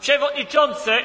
Przewodniczący!